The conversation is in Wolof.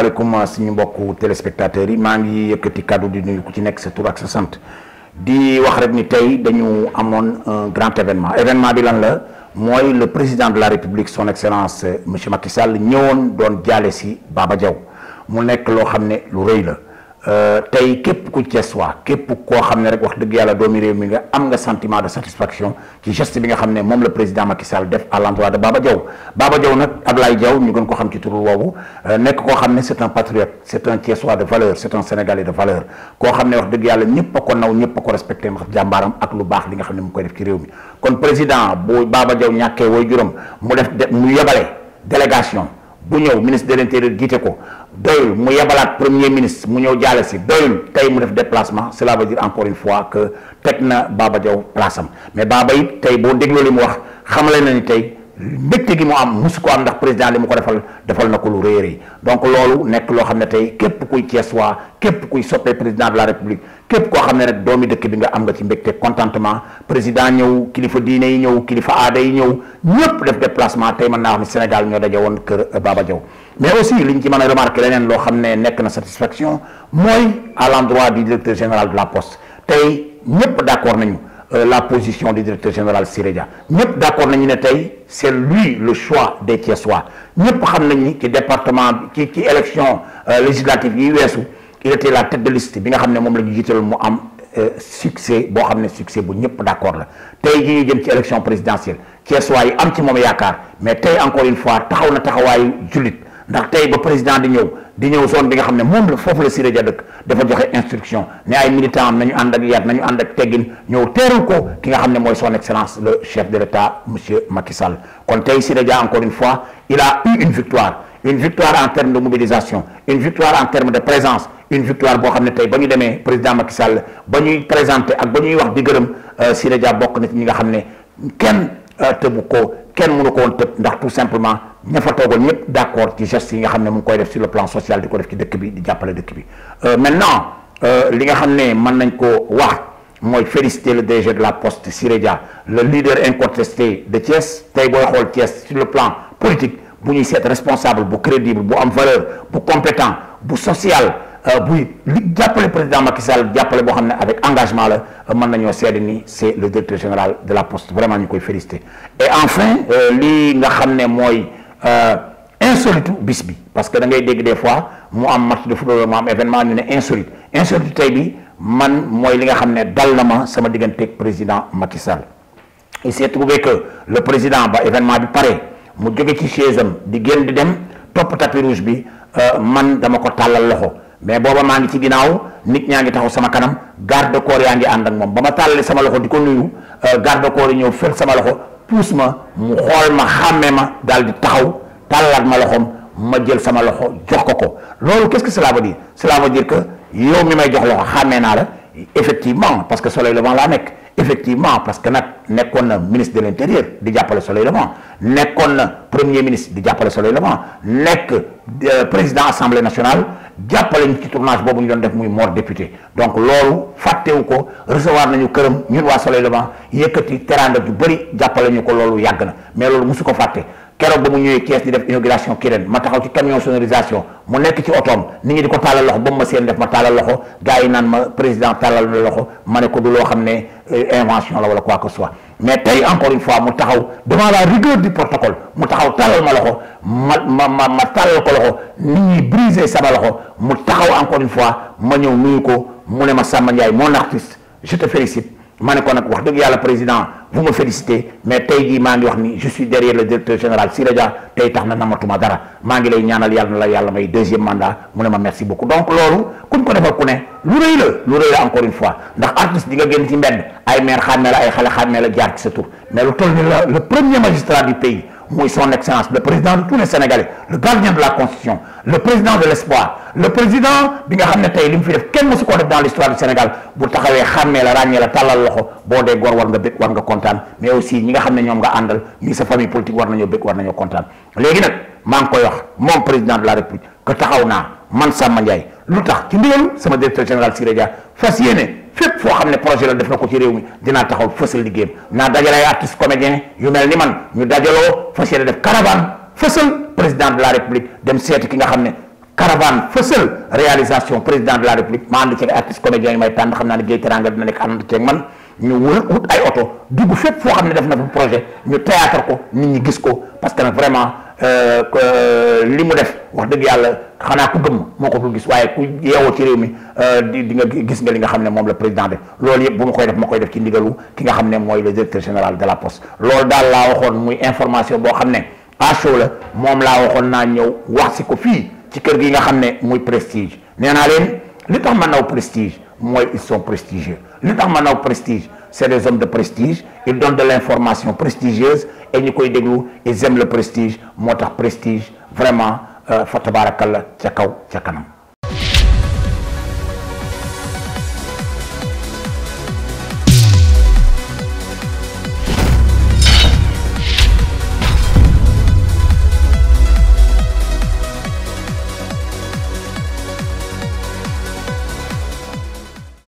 asalaamaaleykum ah, suñu mbokku téléspectateurs yi maa ngi yëkkati kàddu di nuyu ku ci nekk sa tur ak sa sant di wax rek ni tey dañu amoon un grand événement événement bi lan la mooy le président de la république son excellence euh, monsieur Macky Sall ñëwoon doon jaale si Baba Diaw mu nekk loo xam ne lu rëy la. Euh, tay képp ku Cees waa képp koo xam ne rek wax dëgg yàlla doomi réew mi nga am nga sentiment de satisfaction ci geste bi nga xam ne moom la président Macky Sall def à l'endroit de Baba Diaw Baba Diaw nag Ablaye Diaw ñu gën ko xam ci turul woowu euh, nekk koo xam ne c'est un patriote c'est un Thiessois de valeur c'est un Sénégalais de valeur koo xam ne wax dëgg yàlla ñëpp a ko naw ñëpp a ko respecté ndax jàmbaaram ak lu baax li nga xam ne mu koy def ci réew mi kon président bu Baba Diaw ñàkkee woy juróom mu def mu yebale délégation bu ministre de l'intérieur Giteko, ko doy mu yabalat premier ministre mu ñew jaale ci doy tay mu def déplacement cela veut dire encore une fois que tekna Baba Diaw place am mais Baba yi tay bo dégloo li mu wax na ni tay mbégte gi mu am su ko am ndax président li mu ko defal defal na ko lu rëy rëy donc loolu nekk loo xam ne tey képp kuy Cees waa képp kuy soppee président de la république képp koo xam ne rek doomi dëkk bi nga am nga ci mbégte contentement président ñëw kilifa diine yi ñëw kilifa aada yi ñëw ñëpp def placement tey man naa wax ne Sénégal ñoo daje woon kër euh, Baba Diaw mais aussi li ñu ci mën a remarqué leneen loo xam ne nekk na satisfaction mooy à l'endroit du général de la poste tey ñëpp d'accord nañu Euh, la position du directeur général Sirédia ñëpp d'accord accord nañu ne tey lui le choix des Thiessois ñëpp xam nañ ni ci département qui ci élection euh, législative yi weesu il était la tête de liste bi nga xam ne moom la mu am euh, succès boo xam succès bu ñëpp d' accord la tey ji ñu jëm ci élection présidentielle Thiessois yi am ci moom yaakaar mais tey encore une fois taxaw na taxawaayu jullit ndax tey ba président di ñëw di ñëw zone bi nga xam ne moom la foofu la Siré Dia dafa joxe instruction ne ay militant am nañu ànd ak yar nañu ànd ak teggin ñëw teeru ko ki nga son excellence le chef de l'État monsieur Macky Sall kon tey Siré encore une fois il a eu une victoire une victoire en termes de mobilisation une victoire en termes de présence une victoire pour xam ne tey ba président Macky Sall ba présenté ak ba ñuy wax di gërëm euh, Siré Dia bokk na ci nga tëbu ko kenn mënu ko woon ndax tout simplement ña fa toogal ñëpp d'accord ci gestes yi nga mu koy def sur le plan social di ko def ci dëkk bi di jàppale dëkk bi euh, maintenant euh, li nga xam ne mën nañ ko féliciter le DG de la Poste Siré le leader incontesté de Thiès tey booy Thiès sur le plan politique bu ñuy responsable bu crédible bu am valeur bu compétent bu social euh, oui li jàppale président Macky Sall jàppale boo avec engagement le euh, mën nañoo seede ni c'est le directeur général de la poste vraiment ñu koy félicité et enfin euh, li nga xamné moy insolite bisbi parce que da ngay dégg des fois mu am match de football mu am événement ñu ne insolite insolite tey bi man moy li nga xamné ne dal na ma sama digganteeg président Macky Sall il s'est trouvé que le président ba événement bi paré mu joggé ci chaise am di gën di dem top tapis rouge bi man dama ko talal loxo mais booba maa ngi ci ginnaaw nit ñaa ngi taxaw sama kanam garde corps yaa ngi ànd ak moom ba ma tàllali sama loxo di ko nuyu euh, garde corps yi ñëw fël sama loxo puus ma mu xool ma xàmme ma daal di taxaw tàllaat ma loxoom ma jël sama loxo jox ko ko loolu qu'est-ce que cela veut dire cela veut yow mi may jox loxo xàmmee naa la effectivement parce que soleil levant laa nekk effectivement parce que nag nekkoon na ministre de l' di jàppale soleil levant nekkoon na premier ministre di jàppale soleil levant nekk euh, président assemblée nationale jàppale ñu ci tournage boobu ñu doon def muy Mor député donc loolu fàttewu ko recevoir nañu këram ñu waa Soleil Levant yëkkati teraanga ju bëri jàppale ñu ko loolu yàgg na mais loolu mu su ko fàttee keroog ba mu ñëwee di def inauguration Kirène ma taxaw ci camion sonorisation mu nekk ci otoom nit ñi di ko tàllal loxo ba ma seen def ma loxo ma président talal na loxo ma ne ko du loo ne euh, invention la wala quoi que ce soit mais tey encore une fois mu taxaw devant la rigueur du protocole mu taxaw talal ma loxo ma ma ma talal ko loxo nit ñi brisé sama mu taxaw encore une fois ma ñëw nuyu ko mu ne ma mon artiste je te félicite ma ne ko nag wax dëgg yàlla président vous me félicitez mais tey jii maa wax ni je suis derrière le directeur général Siré Dia tey tax na namatuma dara maa lay ñaanal yàlla la yàlla may deuxième mandat mu ne ma merci beaucoup donc loolu kuñ ko defal ku ne lu rëy la lu rëy la encore une fois ndax artiste di nga génn ci mbedd ay maire xàmmee la ay xale xàmmee la jaar ci sa tur mais lu toll ni la le premier magistrat du pays muy son excellence le président de tous les sénégalais le gardien de la constitution le président de l'espoir le président bi nga xam ne tey fi def kenn dans l'histoire du Sénégal bu taxawee xàmmee la ràññee la talal, loxo boo dee góor war nga content. war nga mais aussi ñi nga xam ne nga àndal sa famille politique war nañoo bëgg war nañoo kontaan léegi mon koy wax président de la république que taxaw naa man Samba Ndiaye lu tax ci C'est sama directeur général Siré Dia fas fépp foo xam projet la def na ko ci réew mi dinaa taxaw fësal liggéeyam naa dajale ay artiste comédien yu mel ni man ñu dajaloo fas def caravane fësal président de la république dem seeti ki nga xam caravane fësal réalisation président de la république ma ànd ci ay artiste comédien yu may tànn xam naa ne géej teranga dina nekk ànd ceeg man ñu wër ay oto dugg fépp foo xam ne def na projet ñu théâtre ko nit ñi gis ko parce que nag vraiment Euh, euh, li mu def wax dëgg yàlla xanaa ku gëm moo ko dul gis waaye ku yeewoo ci réew mi euh, di di nga gis nga li nga xam ne moom la président def loolu yëpp bu ma koy def ma koy def ci ndigalu ki nga xam ne mooy le directeur général de la poste loolu daal laa waxoon muy information boo xam ne à chaud moom laa waxoon naa ñëw wax si ko fii ci kër gi nga xam ne muy prestige nee naa leen li tax ma naw prestige mooy ils sont prestigieux li tax ma naw prestige c'est des hommes de prestige ils donnent de l'information prestigieuse et ñu koy déglu ils aiment le prestige moo tax prestige vraiment euh, fa tabaarakalla ca kaw ca kanam